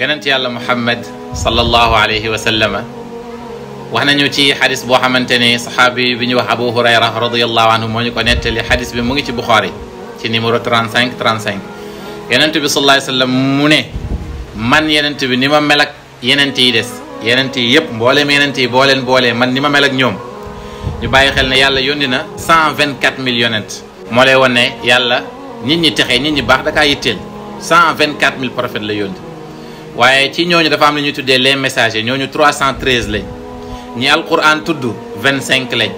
يا الله محمد صلى الله عليه وسلم واخنا نيو تي حديث بو خامتاني صحابي بيني وخ ابو هريره رضي الله عنه مو نيكو نيتالي حديث بي موغي تي بخاري تي نيميرو 35 35 يننت بي صلى الله عليه وسلم موني من يننت بي نيما ملك يننت يي ديس يننت ييب مبولم يننت يي بولين بولين من نيما ملك نيوم ني باي خيل ني يالا يوندينا 124 مليون انت مولاي وني يالا نيني ني تخي نيت ني باخ داكا ييتيل 124000 بروفيت لا يوندي waaye ci ñooñu dafa am la ñuy tuddee les messagers ñooñu 313 lañ ñi alquran tudd 25 lañ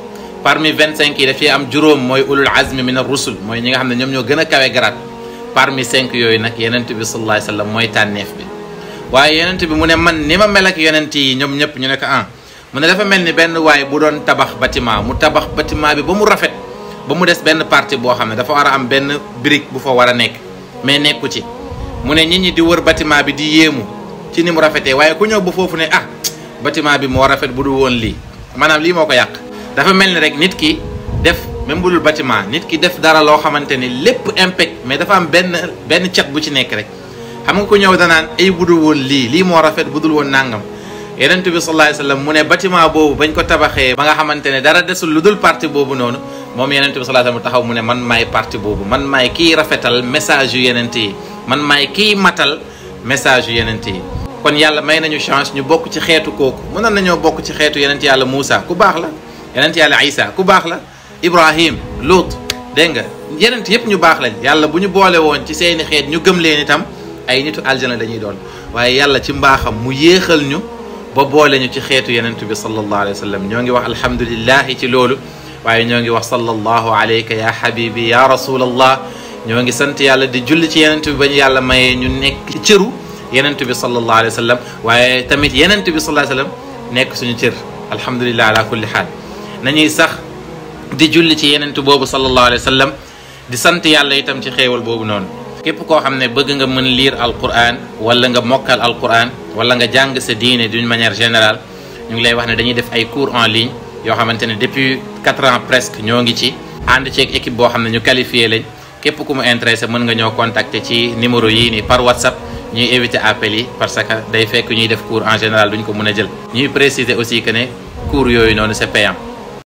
parmi cinq yi dafay am juróom mooy ulul azmi min ar mooy ñi nga xam ne ñoom ñoo gën a kawe garaat parmi 5 yooyu nag yenent bi sallallahu alayhi mooy tànneef bi waaye yenent bi mu ne man ni ma mel ak yenent yi ñoom ñëpp ñu ne ko ah mu ne dafa mel ni benn waay bu doon tabax bâtiment mu tabax bâtiment bi ba mu rafet ba mu des benn partie boo xam ne dafa war a am benn brique bu fa war a nekk mais nekku ci mu ne nit ñi di wër batiment bi di yéemu ci ni mu rafetee waaye ku ñëw ba foofu ne ah batiment bi moo rafet bu du woon lii maanaam lii moo ko yàq dafa mel ni rek nit ki def même bu batiment nit ki def dara loo xamante ni lépp impact mais dafa am benn benn cat bu ci nekk rek xam nga ku ñëw danaan ay bu woon lii lii moo rafet bu woon nangam yenent bi sallallahu alayhi wasallam mu ne bâtiment boobu bañ ko tabaxee ba nga xamante ne dara desul lu dul parti boobu noonu moom yenent bi sallallahu alayhi wasallam taxaw mu ne man maay parti boobu man maay kii rafetal message yu yi man may ki matal message yu kon yàlla may nañu chance ñu bokku ci xeetu koku mënoon nañu bokku ci xeetu yenent yàlla Musa ku bax la yenent yàlla Isa ku bax la Ibrahim Lut denga nga yenent yëpp ñu bax lañ yàlla buñu ñu boole woon ci seen xeet ñu gëm leen itam ay nitu aljana dañuy doon waye yàlla ci mbaxam mu yéexal ñu ba boole ñu ci xeetu yenent bi sallallahu alayhi wasallam ñoo ngi wax alhamdullilah ci lolu waye ñoo ngi wax sallallahu alayka ya habibi ya rasulallah ñoo ngi sant yàlla di julli ci yenent bi ba ñu yàlla mayee ñu nekk cëru yenent bi sallallahu alayhi wa sallam waaye tamit yenent bi sallallahu alayhi wa sallam nekk suñu cër alhamdulilah ala kulli xaal nañuy sax di julli ci yenent boobu sallallahu alayhi wa sallam di sant yàlla itam ci xéewal boobu noonu képp koo xam ne bëgg nga mën lire alquran wala nga mokkal alquran wala nga jàng sa diine d'une manière générale ñu ngi lay wax ne dañuy def ay cours en ligne yoo xamante ne depuis 4 ans presque ñoo ngi ci ànd ceeg équipe boo xam ne ñu qualifié lañ képp ku mu mën nga ñoo contacter ci numéro yii nii par WhatsApp ñuy éviter appel yi parce que day fekk ñuy def cour en général duñu ko mën a jël ñuy préciser aussi que ne cours yooyu noonu c'est payant